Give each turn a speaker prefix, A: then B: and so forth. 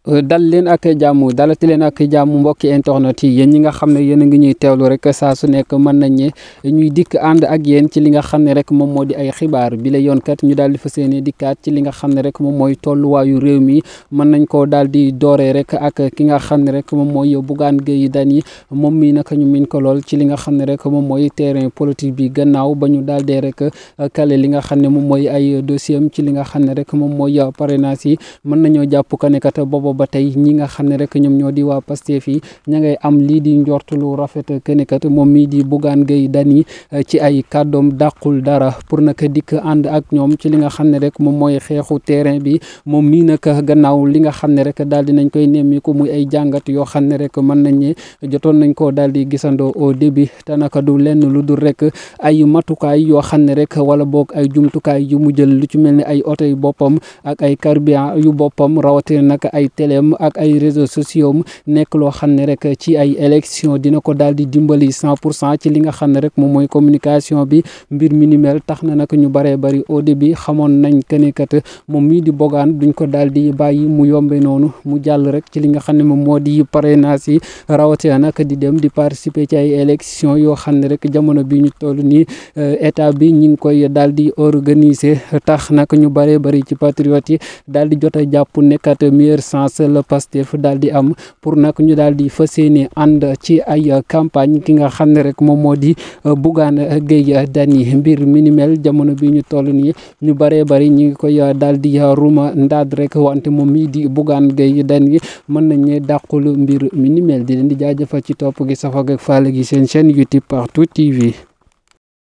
A: dal leen ak jàmm dalati leen ak jàmm mbokki internet yi yéen ñi nga xam ne yéen a ngi ñuy teewlu rek saa su nekk mën nañ ñuy dikk ànd ak yéen ci li nga xam ne rek moom moo di ay xibaar bi la yoon kat ñu daal di fas yéene dikkaat ci li nga xam ne rek moom mooy tolluwaayu réew mi mën nañ koo daal di dooree rek ak ki nga xam ne rek moom mooy Bougane Gueye Dany moom mii naka ñu min ko lool ci li nga xam ne rek moom mooy terrain politique bi gannaaw ba ñu daal dee rek kale li nga xam ne moom mooy ay dossier am ci li nga xam ne rek moom mooy parrainage yi mën nañoo jàpp ka ne kat boobu boobu ba tey ñi nga xam ne rek ñoom ñoo di waa Pastef yi ña ngay am lii di njortulu rafet kenekat moom mii di Bougane Gueye Dany eh, ci ay kàddoom dàqul dara pour naka dikk ànd ak ñoom ci li nga xam ne rek moom mooy xeexu terrain bi moom mii nag gannaaw li nga xam ne rek daal di nañ koy nemmiku muy ay jàngat yoo xam ne rek mën nañ ne jotoon nañ koo daal di gisandoo au début te naka du lenn lu dul rek ay matukaay yoo xam ne rek wala boog ay jumtukaay yu mu jël lu ci mel ni ay oto téléem ak ay réseaux sociaux nekk loo xam ne rek ci ay élection dina ko daal di dimbali cent pour cent ci li nga xam ne rek moom mooy communication bi mbir mi ni mel tax na naka ñu bëree bari au début xamoon nañ que ne kat moom mii di bogaan duñ ko daal di bàyyi mu yombe noonu mu jàll rek ci li nga xam ne moom moo di parrainage yi rawatina nag di dem di participer ci ay élection yoo xam ne rek jamono bi ñu toll nii euh, état bi ñu ngi koy daal di organiser tax nag ñu bëree bëri ci yi alliance le fu daal di am pour nag ñu daal di fas yéene ànd ci ay campagne ki nga xam ne rek moom moo di euh, Bougane Gueye Dany mbir minimel jamono bi ñu toll nii ñu bëree bëri ñu ngi koy euh, daal di euh, ruma ndaad rek wante moom mii di Bougane Gueye Dany mën nañ ne dàqulu mbir minimel di leen di jaajëfal ci topp gi safag ak faale gi seen chaîne YouTube Partout TV